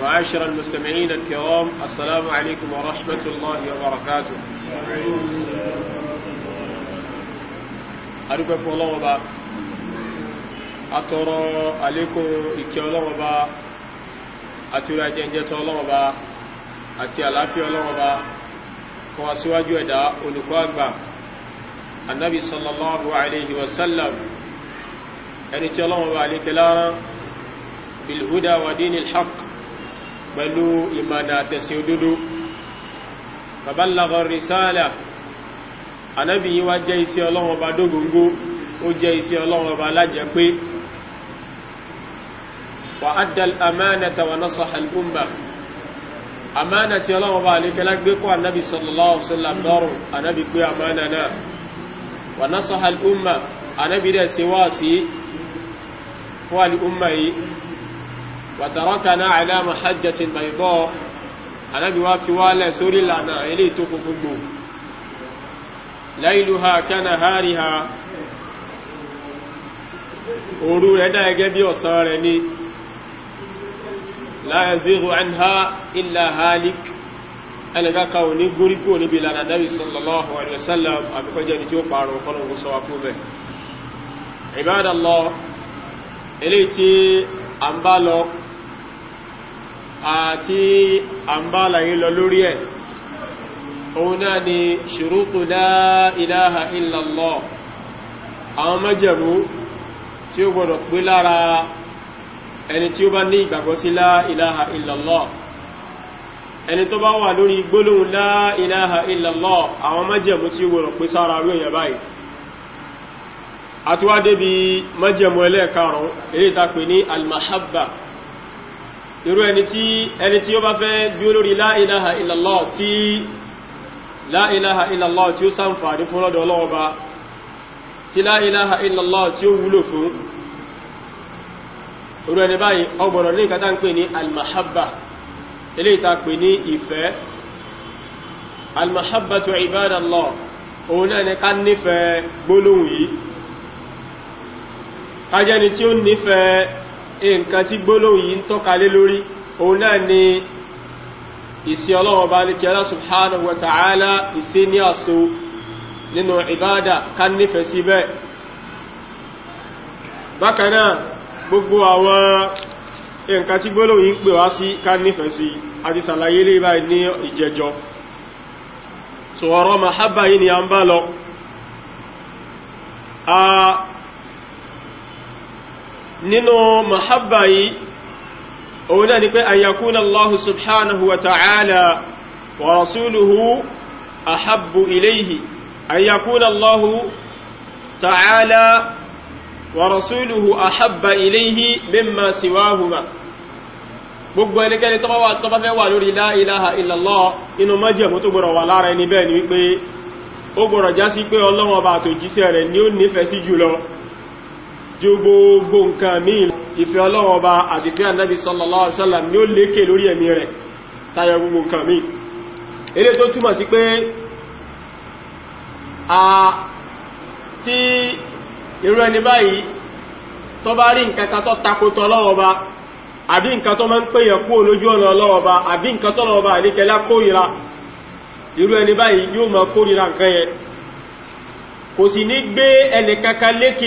معاشر المستمعين الكرام السلام عليكم ورحمة الله وبركاته أدوك فالله وبا أترى عليكم إكي الله وبا أترى جنجة الله وبا أتي ألافي الله وبا فأسواج ودا أنكوا النبي صلى الله عليه وسلم أن الله وبا عليك بالهدى ودين الحق pẹ̀lú ìmọ̀nà àtẹ̀sìn òdodo babalagọ risala anábì yíwá jẹ́ iṣẹ́ ọlọ́run ọba dógóngó ó jẹ́ iṣẹ́ ọlọ́run ọba alájẹ pé wà á dal amánata wà nọ́sọ̀ al'umma amánà tí ọlọ́run ọba àlékẹ́lá gbé kọ́ anábì sallallahu alaihi wasallam lọ́rùn anábì وتركنا على محجة baidọ́ anábíwá fi wálẹ̀ sórí لنا ilé tó funfun gbò láìlúha kánà háríha òru rẹ̀ dá ẹgẹ́ bí ọ̀sán rẹ̀ ní láyẹ̀zíru anha illa halik ẹlẹ́gbẹ́ka ò ní gúrí kú níbi lànà nábi sallallahu alaihi wasallam àfikọ́jẹ́ ni tí ó pààrọ̀ fọ́nà sọ wá fún bẹ̀ ibadallah àti àmbálàyé lọ lórí ẹ̀ òun náà ni ṣùrútù la ilaha illallah àwọn mẹ́jẹ̀mú tí ó gbọdọ̀ pé lára ẹni tí ó bá ní ìgbàgbọ́ sí la ilaha illallah ẹni tó bá wà lórí gbólóhùn la ilaha illallah àwọn mẹ́jẹ̀mú irú ẹni tí ẹni tí ó bá fẹ́ bí olórí la ilaha illallah tí la ilaha illallah tí ó ṣàǹfààní fún lọ́dọ̀ ọlọ́ọba tí la ilaha illallah tí ó wúlò fún irú ẹni báyìí ọgbọ̀nà ní ìkàtà ń pè ní almahabba ilé ìta pè ní ìfẹ́ almahabba tó ibadallah òun náà ká nífẹ̀ẹ́ gbólóhùn yìí ká tí ó nífẹ̀ẹ́ nǹkan tí gbólóhùn yìí ń tọ́ka lé lórí òun náà ni ìsí ọlọ́wọ́n bá níkẹ́ Allah subhanahu wa ta'ala ìsí ní àṣò nínú ìbádà ká nífẹ̀ẹ́ sí bẹ́ẹ̀ bákanáà gbogbo àwọn nǹkan tí gbólóhùn yìí ń pè wá sí ká nífẹ̀ẹ́ sí àti sàlàyé lè báyìí ní nínú mahabba yìí òun náà ni pé an yakuna Allahu subhanahu wa ta'ala wa rasuluhu ahabbu ilayhi an yakuna Allahu ta'ala wa rasuluhu ahabba ilayhi mimma siwahuma gbogbo ẹnikẹ́ni tó bá wà tó bá fẹ́ wà lórí la ilaha illallah inú májẹ̀mú tó gbọ́rọ̀ wà lára ẹni bẹ́ẹ̀ ni wípé ó gbọ́rọ̀ já sí pé Ọlọ́hun Ọba tó rẹ̀ ni ó nífẹ̀ẹ́ sí jùlọ ju gbogbo nǹkan míì ife ọba ni ó leke lori gbogbo nǹkan míì eré tó a tí irú ẹni báyìí bá rí nǹkan kan takotọ ọba àbí nǹkan tó máa ń pèyàn kú olójú ọ̀nà ọba àbí nǹkan tó ọba àlékẹ́lá irú ẹni báyìí yóò nǹkan yẹn kò sì ní gbé ẹnìkankan lékè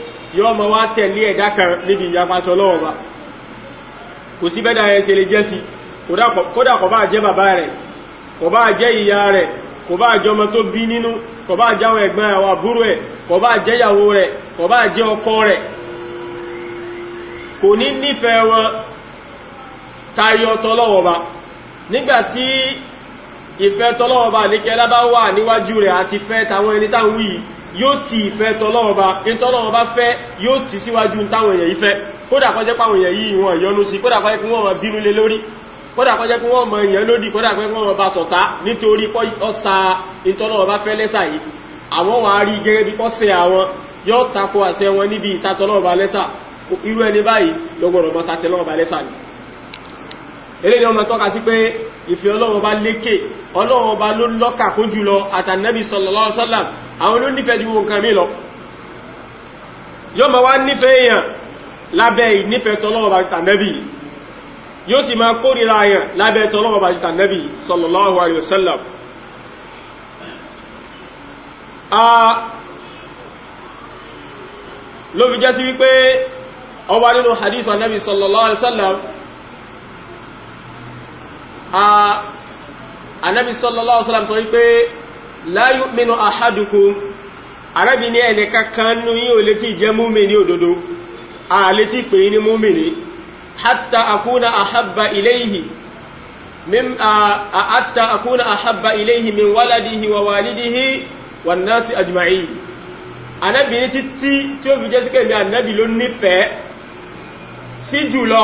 yóò mọ̀ wá tẹ̀lé ẹ̀dá kan níbi ìyapasọ lọ́wọ́ba kò sí bẹ́dà ẹ̀ ṣe lè jẹ́ sí kódà kò bá jẹ́ bàbá rẹ̀ kò bá jẹ́ ìyá rẹ̀ kò bá jẹ́ ọmọ tó bí nínú kò bá jẹ́ àwọn ẹ̀gbọ́n àwọn àbúrò ẹ̀ kò bá jẹ́ ìyàwó rẹ̀ kò bá jẹ́ ọkọ rẹ̀ kò ní nífẹ̀ẹ́ wọn tayọ tọlọ́wọ́ba nígbàtí ìfẹ́ tọlọ́wọ́ba níkẹ́lá bá wà níwájú rẹ̀ àti fẹ́ tàwọn ẹni táwọn wíyìí yóò ti ìfẹ́ tọ́lọ́wọ́ba in tọ́lọ́wọ́ba fẹ́ yóò ti síwájú táwọn èèyàn ìfẹ́ kódà kó jẹ́ páwọn èèyàn yìí wọn ìyọnú sí kódà kó jẹ́ kí wọ́n mọ̀ bínú lé lórí kódà kó jẹ́ kí wọ́n mọ̀ èèyàn lódì kódà kó jẹ́ kí wọ́n mọ̀ bá sọ̀tá nítorí ọ̀sà in tọ́lọ́wọ́ba fẹ́ lẹ́sà yìí àwọn wà á rí gẹ́gẹ́ bí kọ́sẹ̀ eléyìí ọmọ tọ́ka sí pé ìfẹ́ ọlọ́run bá lékè ọlọ́run bá ló lọ́kà kó jùlọ àtànẹ́bì sallallahu alaihi wasallam àwọn ló nífẹ̀ẹ́ ju nǹkan mí lọ yóò máa wá nífẹ̀ẹ́ èèyàn lábẹ́ ìnífẹ̀ẹ́ tọ́lọ́run bá tànẹ́bì yóò sì máa kórìíra èèyàn lábẹ́ tọ́lọ́run bá tànẹ́bì sallallahu alaihi wasallam ló fi jẹ́ sí wípé ó nínú hadith anabi sallallahu alaihi wasallam anabi sallallahu alaihi wasallam sọ wípé la yu'minu ahadukum arábì ní ẹnìkan kan nú yí ò lè tí jẹ́ múmìnì òdodo a lè tí pè ní múmìnì hatta akuna ahabba ilayhi min hatta akuna ahabba ilayhi min waladihi wa walidihi wan nasi ajma'in anábì ní títí tí ó fi jẹ́ síkẹ̀ ní anábì ló nífẹ̀ẹ́ sí jùlọ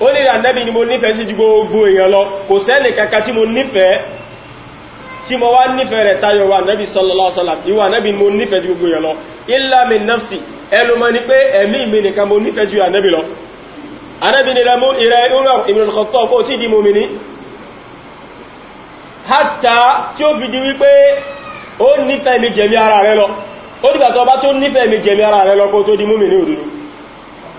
ó ní ànábì ni mo nífẹ̀ẹ́ sí ju gbogbo èèyàn lọ kò sẹ́ni kankan tí mo nífẹ̀ẹ́ tí mo wá nífẹ̀ẹ́ rẹ̀ tayọ wa ànábì sallallahu alaihi wasallam ìwà ànábì ni mo nífẹ̀ẹ́ ju gbogbo èèyàn lọ illa min nafsi ẹlùmọ́ mo nífẹ̀ẹ́ ju ànábì lọ ànábì ni rẹmú di mòmìnì hátà tí ó fi di wípé ó nífẹ̀ẹ́ mi jẹ̀mí ara rẹ lọ ó dìgbà tó di mòmìnì òdòdó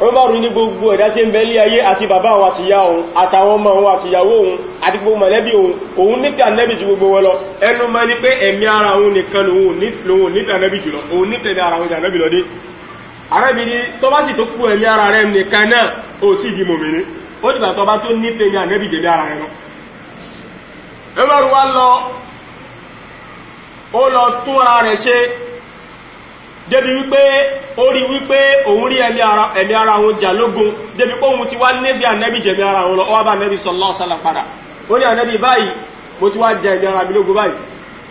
Umaru ní gbogbo ẹ̀dá tí ń bẹ lé ayé àti bàbá òun àti ìyá òun àtàwọn ọmọ òun àti ìyàwó òun àti gbogbo mọ̀lẹ́bí òun òun nífẹ̀ẹ́ ànẹ́bì ju gbogbo wọn lọ ẹnu mọ́ ní pé ẹ̀mí ara òun nìkan lòun nífẹ̀ẹ́ ànẹ́bì jùlọ ni tó bá sì tó kú ẹ̀mí ara rẹ̀ nìkan náà ò tí di mòmìnir ó dìgbà tó bá tó débi wípé ó rí wípé òun rí ẹ̀mí ara wọn jà lógun débi pé òun ti wá níbi ànẹ́bì jẹ̀mí ara wọn lọ ó wá bá ànẹ́bì sallallahu alaihi wasallam padà ó ní ànẹ́bì báyìí mo ti wá jẹ ẹ̀mí ara mi lógun báyìí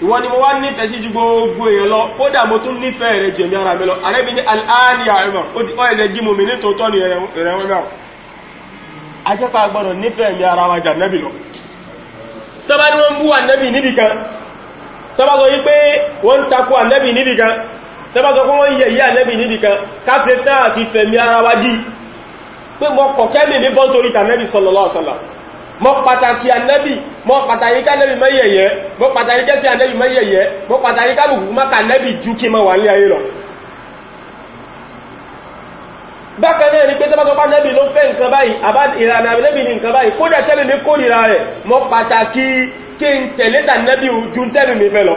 ìwọ ni mo wá nífẹ̀ẹ́ sí ju gbogbo èèyàn lọ kódà mo tún nífẹ̀ẹ́ rẹ̀ jẹ̀mí ara mi lọ ànẹ́bì ní aláàní àrẹ̀mọ̀ ó ẹ̀lẹ́ jí mo mi nítòótọ́ ni ẹ̀rẹ̀wọ̀n náà ajẹ́pà gbọ́dọ̀ nífẹ̀ẹ́ mi ara wa jà nẹ́bì tẹ́bá sọ fún wọ́n yẹ yí ànẹ́bì níbìkan káfẹ́tà àti fẹ̀mí ara wá dí pé mọ́ kọ̀kẹ́mì ní bọ́ntorí sallallahu alaihi wasallam mọ́ pàtàkì ànẹ́bì mọ́ pàtàkì kánẹ́bì mẹ́yẹ̀yẹ́ mọ́ pàtàkì kẹ́sì ànẹ́bì mẹ́yẹ̀yẹ́ mọ́ pàtàkì kálùkù mọ́kà ànẹ́bì ju kí mọ́ wà ní ayé lọ bákan náà ni pé tẹ́bá sọ fún ànẹ́bì ló fẹ́ nǹkan báyìí àbá ìlànà ànẹ́bì ní nǹkan báyìí kódà tẹ́lẹ̀ mi kórìíra rẹ̀ mọ́ pàtàkì kí n tẹ̀lé tànẹ́bì ju tẹ́lẹ̀ mi lọ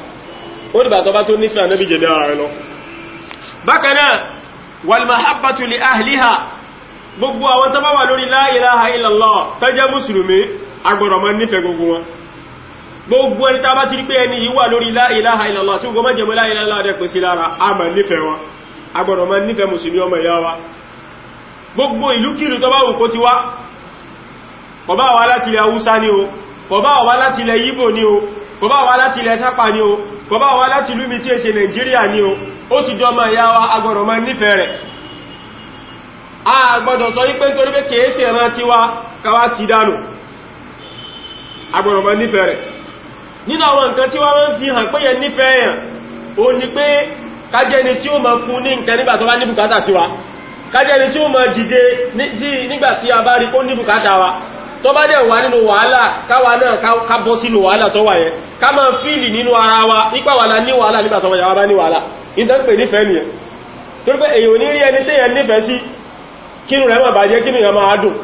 ó dìbà tó bá tó nífẹ̀ẹ́ ànábì jẹ̀dẹ̀ ara rẹ̀ lọ bákan náà walmahabbatu li ahliha gbogbo àwọn tó bá wà lórí la ilaha illallah tó jẹ́ mùsùlùmí agbọ̀rọ̀ mọ́ nífẹ̀ẹ́ gbogbo wọn gbogbo ẹni tàbá ti rí pé ẹni yìí wà lórí la ilaha illallah tí gbogbo mẹ́jẹ̀mọ́ la ilaha ti wá kò láti ilẹ̀ haúsá ní o kò láti ilẹ̀ yíbò ní o kò bá láti ilẹ̀ o kò bá láti lúmi tí è Nàìjíríà ní o ó ti ma ya wa agbọ̀rọ̀ a gbọ́dọ̀ sọ wípé torí pé kìí ṣe ẹ̀rán tiwa káwá ti dánù agbọ̀rọ̀ mọ́ nífẹ̀ẹ́ rẹ̀ nínú àwọn nǹkan tí wọ́n ń fi hàn pé yẹn nífẹ̀ẹ́ yẹn ó ni pé kájẹni tó bá dẹ̀ wà nínú wàhálà káwa náà ká bọ́ sínú wàhálà tó wà yẹn ká máa fíìlì nínú ara wa nípa wàhálà ní wàhálà nígbà tó wàhálà bá ní wàhálà ìdánpè nífẹ̀ẹ́ nìyẹn tó pé èyàn ní rí ẹni tí yẹn nífẹ̀ẹ́ sí kínú rẹ̀ máa bàjẹ́ kínú yẹn máa dùn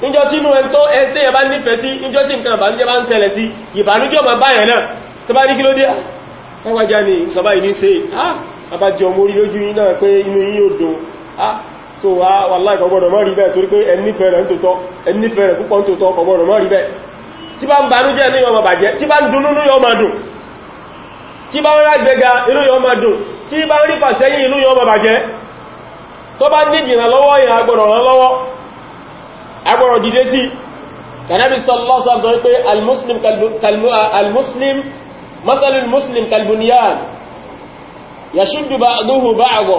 níjọ tínú ẹn tó ẹn tí yẹn bá nífẹ̀ẹ́ sí níjọ tí nǹkan ìbànújẹ́ bá ń ṣẹlẹ̀ sí ìbànújẹ́ ọmọ báyẹn náà tó bá ní kí ló dé ẹwàjá ni ìsọ̀bá ìní se ah abájọ mórí lójú yín náà pé inú yín ò dùn ah so wá ah, wàláì kọgbọ́dọ̀ mọ́ rí bẹ́ẹ̀ torí pé ẹnífẹ́ rẹ̀ púpọ̀ nítòótọ́ kọgbọ́dọ̀ mọ́ rí bẹ́ẹ̀ tí bá ń banújẹ́ ní ọmọ bàjẹ́ tí bá ń dunú ní ọmọ dùn tí bá ń rágbẹ́ga inú ọmọ dùn tí bá ń rí pàṣẹ́yìn inú ọmọ bàjẹ́ tó bá ní ìjìnà lọ́wọ́ ìyàn agbọ̀rọ̀ rán lọ́wọ́ agbọ̀rọ̀ dìde sí kanabi sallallahu alaihi wasallam pé almuslim kalmuslim mathalul muslim kalbunyan yashuddu ba'duhu ba'dahu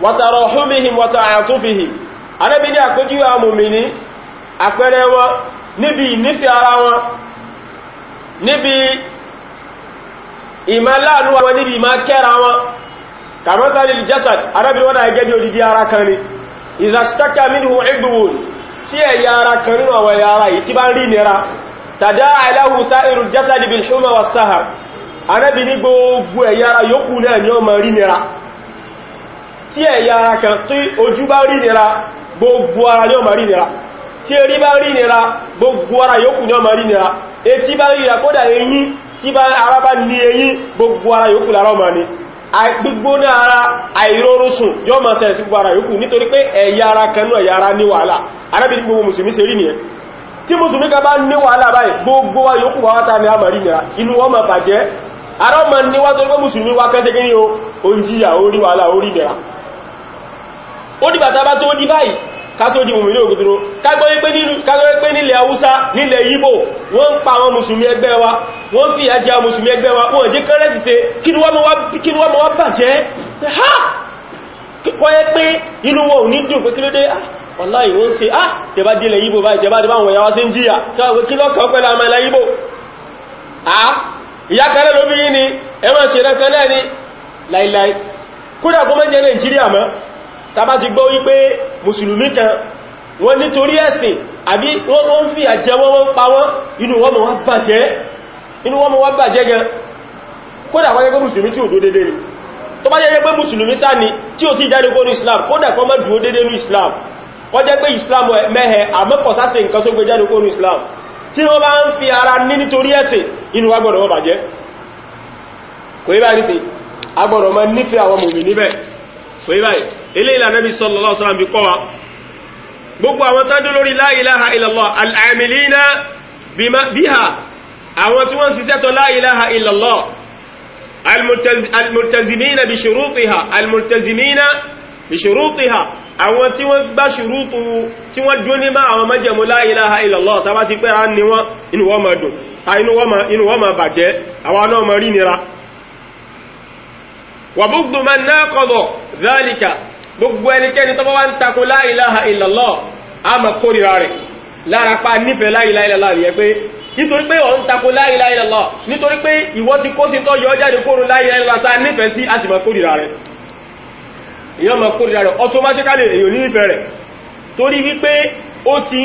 wàtàrọ̀húnmihìm wàtàràtúfihìm Ànábì ní àkójíwà mùmìní àpẹẹrẹ wọn níbi ìnífẹ́ ara wọn níbi ìmọ̀láàánú wọn níbi ìmọ̀ kẹ́ra wọn kàmọ́tàlì jẹ́sàd Ànábì wọ́n náà gẹ́gẹ́ odidi ara kan ni ìzàṣtọ́kà minhu ibùn tí ẹ̀yà ara tí ẹ̀yà ara kan tí ojú bá rí nira gbogbo ara ní ọmọ rí nira tí erí bá rí nira gbogbo ara yòókù ní ọmọ rí nira etí bá rí nira kódà eyín tí ara bá ní eyín gbogbo ara yòókù lára ọmọ ni gbígbóná ara àìrórúsùn yóò máa sẹ̀rẹ̀ sí gbogbo ara yòókù nítorí pé ẹ̀yà ara kanú ẹ̀yà ara ní wàhálà arábìnrin gbogbo mùsùlùmí ṣe rí nìyẹn tí wá wátá ní a máa rí nìyà inú wọn máa ó dìgbà tàbá tó di báyìí ká di mùmìnì òkútúrò kágbọ́ wípé nílẹ̀ haúsá nílẹ̀ yíbò wọ́n ń pa àwọn mùsùlùmí ẹgbẹ́ wa wọ́n fi àjẹ́ àwọn mùsùlùmí ẹgbẹ́ wa wọ́n jẹ́ kẹ́rẹ́ ti se kí ni wọ́n mọ́ wá bàjẹ́ ha kọ́ ẹ pé inú wọn ò ní dùn pé kí ah tẹba dílẹ̀ yíbò báyìí tẹba dílẹ̀ àwọn ìyàwó sí ń jíyà tẹba kí lọ́kọ̀ọ́ pẹ̀lú àmà ilẹ̀ yíbò ah ìyákanẹ́ ló bí yí ni ẹmọ́ ṣe rẹ̀kẹ́ náà ni láìláì nàìjíríà mọ́ tàbá ti gbọ́ wípé mùsùlùmí kan wọ́n nítorí ẹ̀sìn àbí wọ́n wọ́n fi àjẹ́ wọ́n wọ́n pa wọ́n inú wọ́n mọ̀ wá bàjẹ́ inú wọ́n mọ̀ wá bàjẹ́ gan kódà kó jẹ́ pé mùsùlùmí tí ò dédé ni tó bá jẹ́ pé mùsùlùmí sáà tí ò ti jáde ní islam kódà kó má dúó dédé islam kó jẹ́ islam mẹ́hẹ àmọ́kọ̀sáṣe nǹkan tó gbé jáde kó islam tí wọ́n bá ń fi ara ní nítorí ẹ̀sìn inú wa gbọ́dọ̀ wọ́n bàjẹ́ kò yí bá so yí báyìí ilé ìlànà bí sallallahu alaihi wasallam bí kọ́ wa gbogbo àwọn tán dó lórí la ilaha illallah al'amilina biha àwọn tí wọ́n ṣiṣẹ́ tó la ilaha illallah almultazimina bi shurutiha almultazimina bi shurutiha àwọn tí wọ́n gbá ṣùrútù tí wọ́n dún ní máa àwọn májẹ̀mú la ilaha illallah tàbá ti pẹ́ra ní wọ́n inú náà kọ́dọ̀ zálìkà gbogbo ẹnikẹ́ni tó bá wá ń takò la ilaha illallah a mọ̀ kórìíra rẹ̀ lára pa nífẹ̀ẹ́ la ilaha illallah rẹ̀ pé nítorí pé ọ̀n takò la ilaha illallah nítorí pé ìwọ ti kó sí tọ́ yọ jáde kóró la ilaha illallah ta nífẹ̀ẹ́ sí a sì mọ̀ kórìíra rẹ̀ èyàn mọ̀ kórìíra rẹ̀ automatically èyàn nífẹ̀ẹ́ rẹ̀ torí wípé ó ti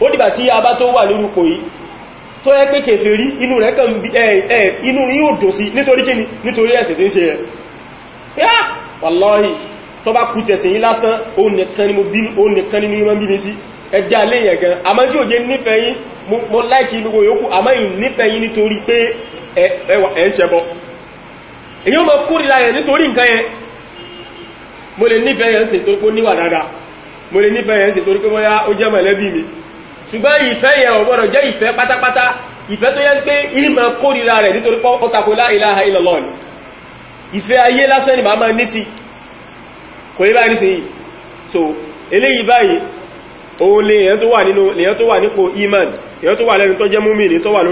ó dìgbà tí a bá tó wà lórúkọ yìí tó yẹ pé kèfèrí inú rẹ̀ kàn bí ẹ̀ inú rí yóò dò sí nítorí kíni nítorí ẹ̀sẹ̀ tí ń ṣe rẹ̀ yá wàláhì tó bá kú tẹ̀sẹ̀ yí lásán ya mo láìkí gbogbo yòókù àmọ́ yìí lè nífẹ̀ẹ́ yẹn níwà dáadáa mo lè nífẹ̀ẹ́ mi ṣùgbọ́n ìfẹ́ yẹn ò gbọ́dọ̀ jẹ́ ìfẹ́ pátápátá ìfẹ́ tó yẹ́ pé ìmọ̀ kórìíra rẹ̀ nítorí pọ́tàkó la ilaha illallah ni ìfẹ́ ayé lásán ni ma máa ní sí kò yíba ní sí yìí so eléyìí báyìí òun lè èyàn tó wà nínú èyàn tó wà nípò iman èyàn tó wà lẹ́nu tó jẹ́ múmi ní tó wà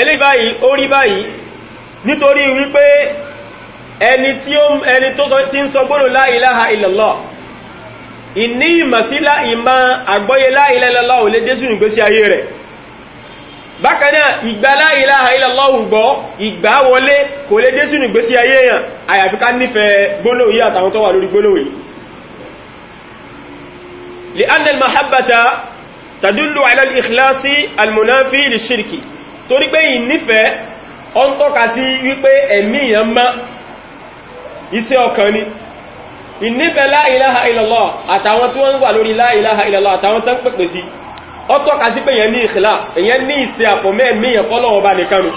elé báyìí ó rí báyìí nítorí wípé ẹni tí ó ẹni tó ti ń sọ gbọ́nà la ilaha illallah ìní ìmọ̀sílá ìmọ̀ àgbọ́yé la ilaha illallah ò lè jésù nígbésí ayé rẹ̀ bákanáà ìgbà la ilaha illallah gbọ́ ìgbà wọlé kò lè jésù nígbésí ayé yàn لأن المحبة تدل على الإخلاص المنافي للشرك torí pé ìnífẹ́ ọ ń tọ́ka sí wípé ẹ̀mí ìyàn má iṣẹ́ ọkàn ni ìnífẹ́ la ilaha illallah àtàwọn tí wọ́n wà lórí la ilaha illallah àtàwọn tán pèpè sí ọ tọ́ka sí pé èyàn ní ikhlas èyàn ní iṣẹ́ àpọ̀mọ́ ẹ̀mí ìyàn fọ́lọ́wọ́ bá nìkan nù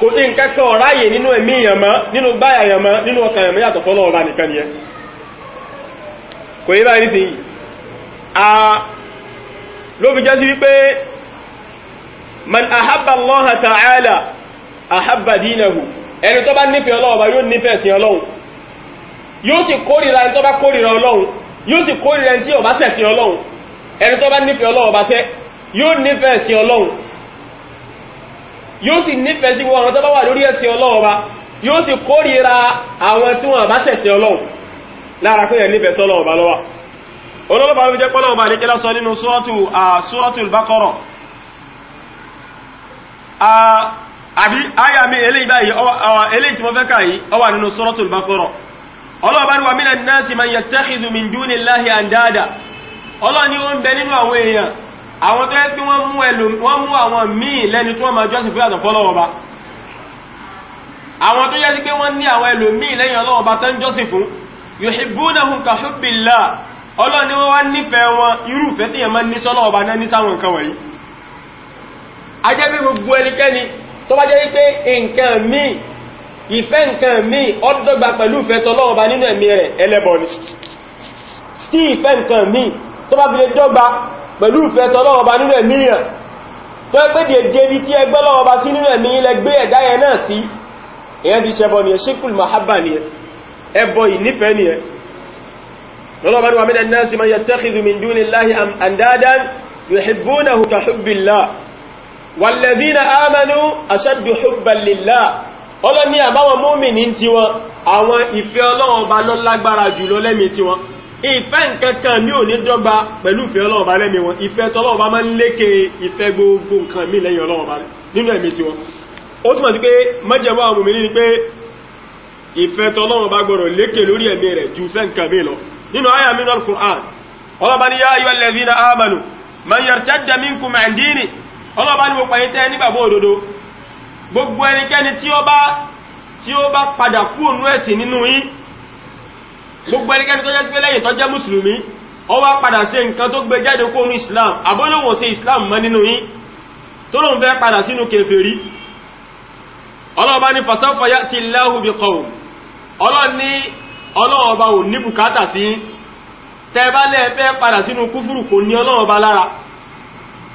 kò tí nǹkan kan ọ̀ráyè nínú ẹ̀mí ìyàn mọ́ nínú báyà ìyàn mọ́ nínú ọkàn ìyàn yàtọ̀ fọ́lọ́wọ́ bá nìkan nìyẹn kò yí báyìí sí yìí ló fi jẹ́ sí wípé man ahabba allaha ta'ala ahabba dinahu ẹni tó bá nífẹ̀ẹ́ ọlọ́run bá yóò nífẹ̀ẹ́ sí ọlọ́run yóò sì kórìíra ẹni tó bá kórìíra ọlọ́run yóò sì kórìíra ẹni tí ó bá ṣẹ̀ sí ọlọ́run ẹni tó bá nífẹ̀ẹ́ ọlọ́run bá ṣẹ̀ yóò nífẹ̀ẹ́ sí ọlọ́run yóò sì nífẹ̀ẹ́ sí wọn tó bá wà lórí ẹ̀sìn ọlọ́run bá yóò sì kórìíra àwọn tí wọn bá ṣẹ̀ sí ọlọ́run lára pé ẹ̀ nífẹ̀ẹ́ sọ́lọ́run bá bá ní àbí àyà mi eléyìí báyìí eléyìí tí mo fẹ́ káyí ọwà nínú wa minan nasi man yattakhidhu min dunillahi andada ọlọ́ọ̀ ni ó ń bẹ nínú àwọn èèyàn àwọn tó yẹ́ sí pé wọ́n ajẹ́ pé gbogbo ẹnikẹ́ni tó bá jẹ́ wípé nǹkan míì ìfẹ́ nǹkan míì ọdọ́gba pẹ̀lú ìfẹ́ tọ́lọ́ọba nínú ẹ̀mí rẹ̀ ẹlẹ́bọ ni tí ìfẹ́ nǹkan míì tó bá fi lè dọ́gba pẹ̀lú ìfẹ́ tọ́lọ́ọba nínú ẹ̀mí rẹ̀ tó ẹgbẹ́ dèdè bí tí ẹgbẹ́ lọ́ọba sí nínú ẹ̀mí ilẹ̀ gbé ẹ̀dá yẹn náà sí èyàn ti ṣẹbọ ni ṣíkùl mahabba wàlẹ̀dínà ámẹ́nu aṣẹ́dù hùbẹ̀lélà ọlọ́ni àbáwọn múmìnì tí wọn àwọn ìfẹ́ ọlọ́run ọba ló lágbára jùlọ lẹ́mí tí wọn ìfẹ́ nkankan ní òní dọ́gba pẹ̀lú ìfẹ́ ọlọ́run ọba lẹ́mí wọn ìfẹ́ tọ́lọ́run ọba máa ń lékè ìfẹ́ gbogbo nǹkan mí lẹ́yìn ọlọ́run ọba nínú ẹ̀mí tí wọn ó túnmọ̀ sí pé mẹ́jẹ̀wọ́ àwọn múmìnì ni pé ìfẹ́ tọ́lọ́run ọba gbọ́dọ̀ lékè ọlọ́ba ní gbogbo ẹ̀yin tẹ́ nígbàgbọ́ òdodo gbogbo ẹnikẹ́ni tí ó bá tí ó bá padà kú ònú ẹ̀sìn nínú yín gbogbo ẹnikẹ́ni tó jẹ́ sí pé lẹ́yìn tó jẹ́ mùsùlùmí ó wá padà sí nǹkan tó gbé jáde kó ònú islam àbọ́lọ́wọ̀ sí islam mọ́ nínú yín tó lóun fẹ́ padà sínú kèfèrí ọlọ́ba ní fasawfa ya'ti Allahu bi qawm ọlọ́ni ọlọ́ọba ò ní bùkátà sí tẹ́ bá lẹ́ẹ̀ fẹ́ padà sínú kúfùrù kò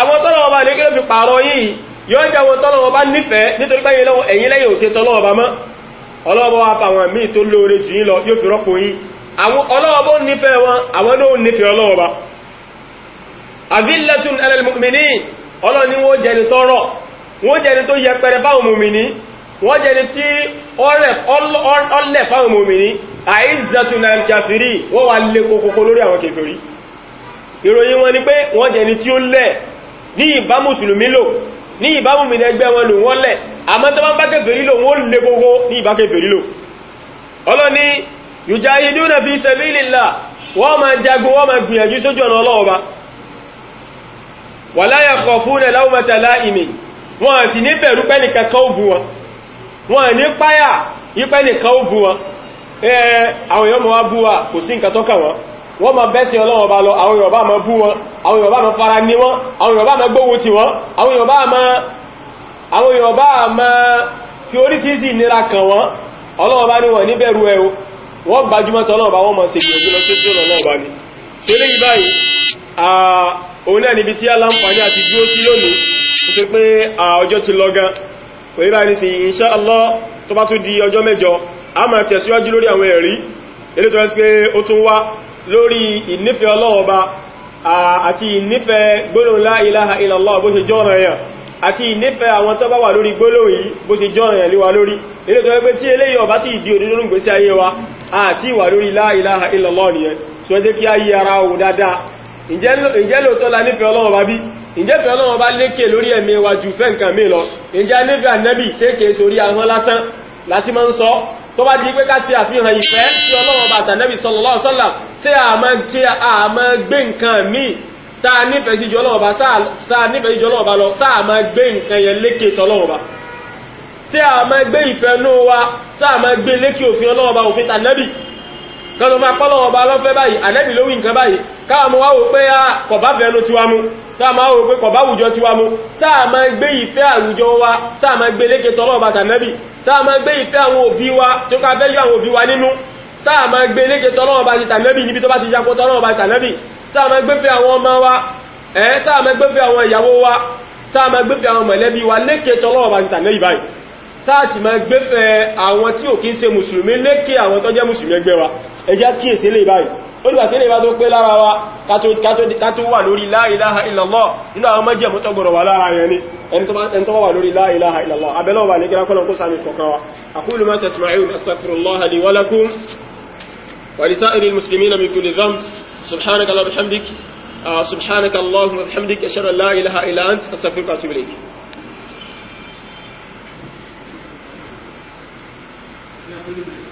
àwọn tọ́lọ̀wọ́ bá lékí ló fi pààrọ̀ yìí yóò jẹ́ àwọn tọ́lọ̀wọ́ bá nífẹ̀ẹ́ nítorí pé ẹ̀yin lẹ́yìn òṣè tọ́lọ̀wọ́ bá mọ́ ọlọ́wọ́ wá pa àwọn míì tó lóore jù yín lọ yóò fi rọ́pò wọ́n jẹni tó yẹ pẹrẹ báwọn mùmìnì wọ́n jẹni tí ọlẹ̀ fáwọn mùmìnì àìzàtun alal wọ́n wà lè kòkòkò lórí àwọn kèfèrí ní ìbá musulmi lò ní ìbá mùmìnà ẹgbẹ́ wọn lò wọ́n lẹ̀ àmọ́ tó bá bá kèfèrí lò wọ́n lè gbogbo ní ìbá kèfèrí lò ọlọ́ni yujahiduna fi sabilillah wọ́n ma jagun wọ́n ma gbìyànjú sójú ọ̀nà wala wọn wọ́n ma bẹ́sìn ọlọ́wọ́ bá lọ àwọn Yorùbá ma bú wọn àwọn Yorùbá ma fara ní wọn àwọn Yorùbá ma gbówó ti wọn àwọn Yorùbá ma fi orísìísì ìnira kàn wọn ọlọ́wọ́ bá ní wọn ní bẹ̀rù ẹ̀ wọ́n gbajúmọ́ tí ọlọ́wọ́ bá wọ́n ma ṣe gbìyànjú lọ sí ọ̀nà ọlọ́wọ́ bá ní torí báyìí òun náà níbi tí aláǹfààní àti dúró sí lónìí tó pé ọjọ́ ti lọ gan pẹ̀lú báyìí sí insha Allah tó bá tún di ọjọ́ mẹ́jọ a máa tẹ̀síwájú lórí àwọn ẹ̀rí elétọ́ ẹ́sì pé ó tún wá lórí ìnífẹ́ ọlọ́ọ̀ba àti ìnífẹ́ gbólóhùn la ilaha illallah bó ṣe jọ́nà ẹ̀yàn àti ìnífẹ́ àwọn tó bá wà lórí gbólóhùn yìí bó ṣe jọ́nà ẹ̀yàn líwa lórí ilé tó wẹ́pẹ́ tí eléyìí ọba tí ìdí òdúdó ń gbèsè ayé wa àti ìwà lórí la ilaha illallah nìyẹn tí wọ́n jẹ́ kí ayé ara wò dáadáa ǹjẹ́ lóòtọ́ la nífẹ́ ọlọ́ọ̀ba bí ǹjẹ́ fẹ́ ọlọ́ọ̀ba lékè lórí ẹ̀mí wa jù fẹ́ nǹkan mí lọ láti máa ń sọ tó bá di pé ká ti àfihàn ìfẹ́ tí ọlọ́wọ́ bá tànẹ́bì sallallahu alaihi wasallam tí a máa gbé nǹkan míì sáà nífẹ̀ẹ́ sí jọlọ́ọ̀bá sáà nífẹ̀ẹ́ sí jọlọ́ọ̀bá lọ sáà máa gbé nǹkan kọ́nà máa pọ́lọ̀wọ̀ bá lọ́fẹ́ báyìí ànẹ́bì ló wí nǹkan báyìí káàmù wáwò pé ah, a kọ̀bá fẹ́nu tí wá mú káàmù wáwò pé kọ̀bá àwùjọ tí wá mú sáà máa gbé ìfẹ́ àwùjọ wa sáà máa gbé lékè tọ́lọ̀ bàtà nẹ́bì sáà máa gbé ìfẹ́ àwọn òbí wa tó ká fẹ́ yọ àwọn òbí wa nínú sáà máa gbé lékè tọ́lọ̀ bàtà tànẹ́bì níbi tó bá ti sáàtì máa gbéfẹ́ àwọn tí ò kí ń ṣe mùsùlùmí lékè àwọn tó jẹ́ mùsùlùmí ẹgbẹ́ wa ẹjá kíyèsí lè báyìí olùgbàtí lè bá tó pé lára wa kátó wà lórí la ilaha illallah nínú àwọn mẹ́jẹ̀ mú tọ́gbọ̀rọ̀ wà lára yẹn ni ẹni tó wà lórí la ilaha illallah abẹ́lọ́wà wà ní kíra kọ́lọ̀ kó sàmì kọ̀kan wa aqulu ma tasma'un astaghfirullaha li wa lakum wa li ಮಾಡಿ